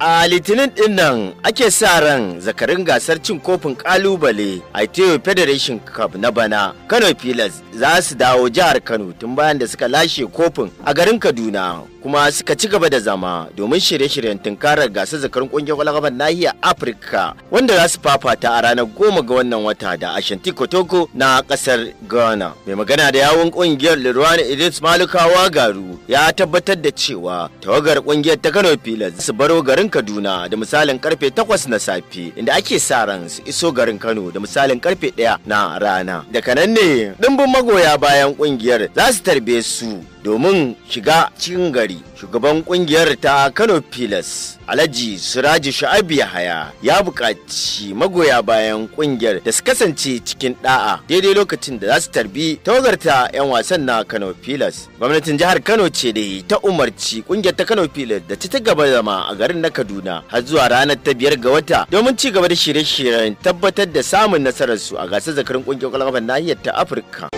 A Litinin dinnan, ake sa ran zakarin gasar cin kofin ƙalubale a Teo Federation Cup na bana. Kano Pilas za su dawo jihar Kano tun bayan da suka lashe kofin a garin Kaduna. kuma suka ci gaba da zama domin shirye-shiryen tunkarar gasar zakarun kungiyar kwallon nahiyar afirka wanda za su fafata a ranar goma ga wannan wata da ashanti kotoko na kasar ghana mai magana da yawon kungiyar lirwani idris malukawa garu ya tabbatar da cewa tawagar kungiyar ta kano pilas su baro garin kaduna da misalin karfe takwas na safe inda ake sa ran su iso garin kano da misalin karfe ɗaya na rana daga nan ne dimbin magoya bayan kungiyar za su tarbe su domin shiga cikin gari shugaban kungiyar ta kano pilas alhaji siraji sha'abi haya ya buƙaci magoya bayan kungiyar da su kasance cikin da'a daidai lokacin da za su tarbi tawagarta 'yan wasan na kano pilas gwamnatin jihar kano ce da ta umarci kungiyar ta kano pilas da ta gaba zama a garin na kaduna har zuwa ranar ta biyar ga wata domin ci gaba da shirye-shiryen tabbatar da samun nasararsu a gasar zakarin kungiyar kwallon nahiyar ta afirka